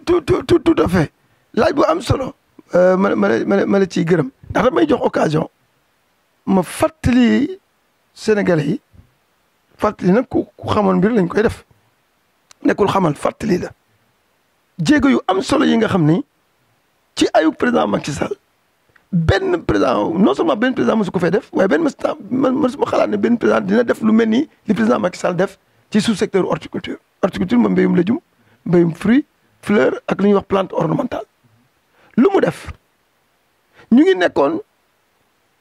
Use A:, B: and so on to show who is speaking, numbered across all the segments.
A: tout tout tout tout à fait laaj bu am solo euh, ma ma ma ma la ciy gërëm ndax damay jox ma fàttali Sénégalais yi fàttali nag ku xamoon mbir lañ koy def nekkul xamal fàttali la jéego yu am solo yi nga xam ni ci ayu président Macky Sall benn président non seulement benn président mosu ko fay def waaye benn mësta mosuma xalaat ne benn président dina def mel ni li président Macky def ci sous secteur horticulture horticulture moom mbéyum lëjum fleurs agrémentent vos plantes ornementales. Le mudeff, nous y n'aimons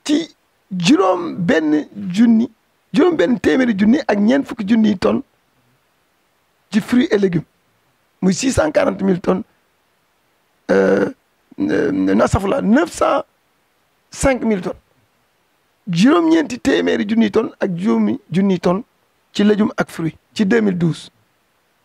A: qui durant le dernier, durant le dernier trimestre du dernier, a gagné 1500 tonnes de fruits et légumes. Mais 640 000 tonnes, nein ça va là, 905 000 tonnes. Durant le dernier trimestre du dernier, a gagné 1000 tonnes qui les a gagnés à fruits. C'est 2012.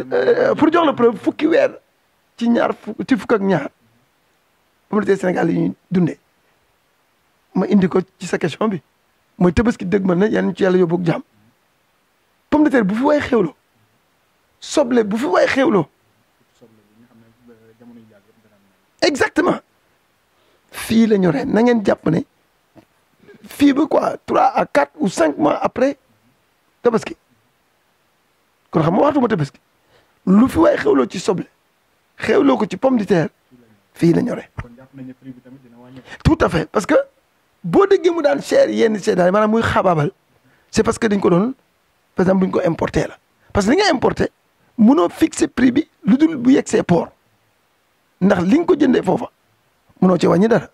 A: Euh, pour jox la preuve fukki weer ci ñaar fukk ci fukk ak ñaar communauté Sénégal yi dundé ma indi ko ci sa question bi moy tabaski deug man na yan ci yalla yóbbu ak jàmm pomme de terre bu fi way xewlo soble bu fi way xewlo exactement fi lañu ñu na ngeen japp né fi bu quoi 3 à 4 ou 5 mois après tabaski kon xam nga waxtu ma tabaski lu fi waay xewloo ci soble xewloo ko ci pomme de terre fii la ñore. tout à fait parce que boo déggee mu daan cher yenn seedaay maanaam muy xabaabal c'est parce que dañ ko doon par exemple bu ko importer la parce que li nga importer munoo fixer prix bi lu dul bu yegg see port ndax li nga ko jëndee foofa mënoo ci wàññi dara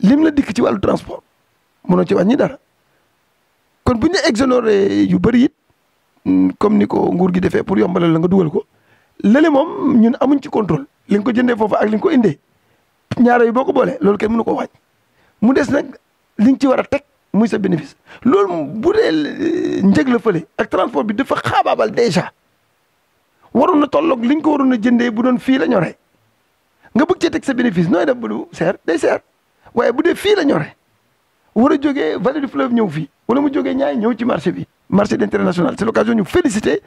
A: lim la dikk ci wàllu transport munoo ci wàññi dara kon bu ñu exonéré yu bëri it comme ni ko nguur gi defee pour yombalal la nga dugal ko. lële moom ñun amuñ ci contrôle li nga ko jëndee foofu ak li nga ko indee ñaare yi boo ko boolee loolu kenn mënu ko waaj mu des nag li nga ci war a teg muy sa bénéfice loolu bu dee euh, njëg la fële ak transport bi dafa xaabaabal dèjà waroon na tolloog li nga ko waroon a jëndee bu doon fii la ñoree nga bëgg cee teg sa bénéfice nooy def ba du seer day seer waaye bu dee fii la ñoree war a jógee vallée du fleuve ñëw fii wala mu jóge ñaay ñëw ci marché bi marché d'intérêt national c'est l'occasion ñu féliciter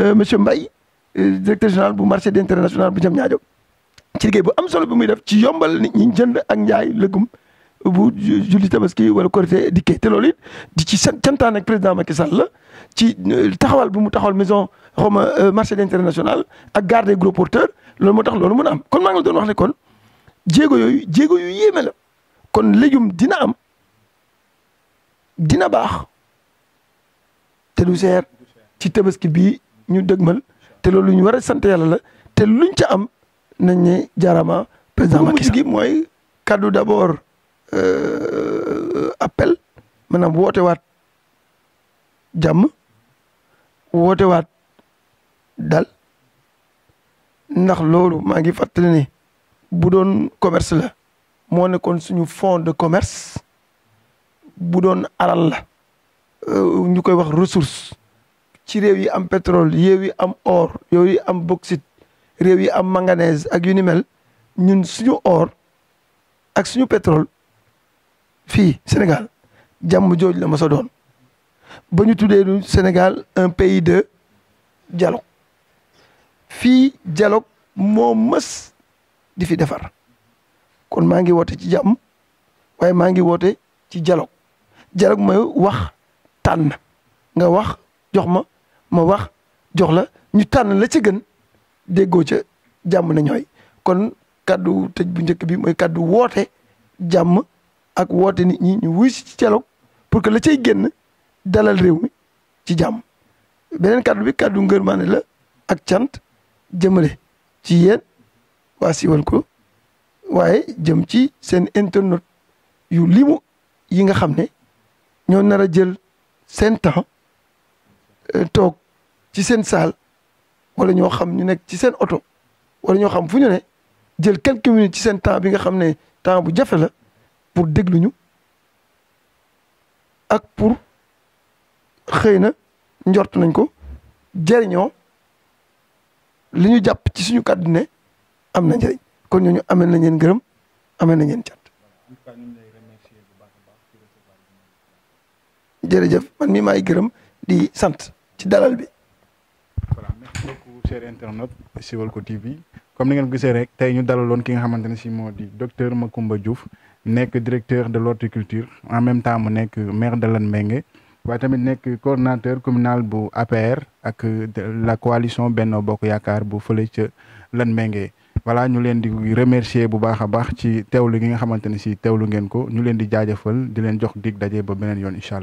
A: euh, monsieur Mbaye Euh, directeur général bu marché d'intérêt national bu jam ñaajo ci liggéey bu am solo bu muy def ci yombal nit ñi njënd ak njaay lëggum bu julli tabaski wala korité dikkee te loolu it di ci santaan ak président Macky Sall la ci euh, taxawal bu mu taxawal maison xaw ma euh, marché d'intérêt national ak garde des gros porteurs loolu moo tax loolu mën a am kon maa ngi doon wax ne kon jéego yooyu jéego yu yéeme la kon légume dina am dina baax te du seer ci tabaski bi ñu dëgmal te loolu ñu war a sant yàlla la te luñ ca am nañ ne jaarama président Macky Sall gi mooy kaddu d'abord euh, appel maanaam woote waat jàmm woote waat dal ndax loolu maa ngi fàttali ni bu doon commerce la moo nekkoon suñu fond de commerce bu doon alal la euh, ñu koy wax ressource ci rew yi am pétrole yew yi am or yow yi am bauxite rew yi am manganèse ak yu ni mel ñun suñu or ak suñu pétrole fi Sénégal jamm joj la ma sa doon ba ñu du Sénégal un pays de dialogue fi jalok mo mas di fi defar kon mangi ngi woote ci jàmm waye maa ngi woote ci dialog dialog moy wax tan nga wax jox ma ma wax jox la ñu tànn la ci gën déggoo ca jàmm na ñooy kon kaddu tëj bu njëkk bi mooy kàddu woote jàmm ak woote nit ñi ñu wuy ci dialogue pour que la cay génn dalal réew mi ci jàmm beneen kaddu bi kàddu ngërmaane la ak cant jëmale ci yéen waa siwal ko waaye jëm ci seen internet yu limu yi nga xam ne ñoo nar a jël seen temps Euh, toog ci seen saal wala ñoo xam ñu nekk ci seen oto wala ñoo xam fu ñu ne jël quelques minutes ci seen temps bi nga xam ne temps bu jafe la pour déglu ñu ak pour xëy na njort nañ ko jëriñoo li ñu jàpp ci suñu kàddu ne am na njëriñ kon ñooñu amel nañ leen gërëm amee na leen cat jërëjëf man mii maay gërëm di sant ci dalal bi. voilà merci beaucoup Internet, internautes Siweulko TV comme ni ngeen gisee rek tey ñu dalalon ki nga xamante ci modi docteur makumba Diouf nekk directeur de l'horticulture en même temps mu nekk maire de Latmingué waaye tamit nekk coordinateur communal bu APR ak la coalition Benno Bokk Yakar bu fële ca Latmingué voilà ñu leen di remercier bu baax a baax ci tewlu gi nga xamante ci tewlu ngeen ko ñu leen di jaajeufal di leen jox dig dajé ba benen yoon incha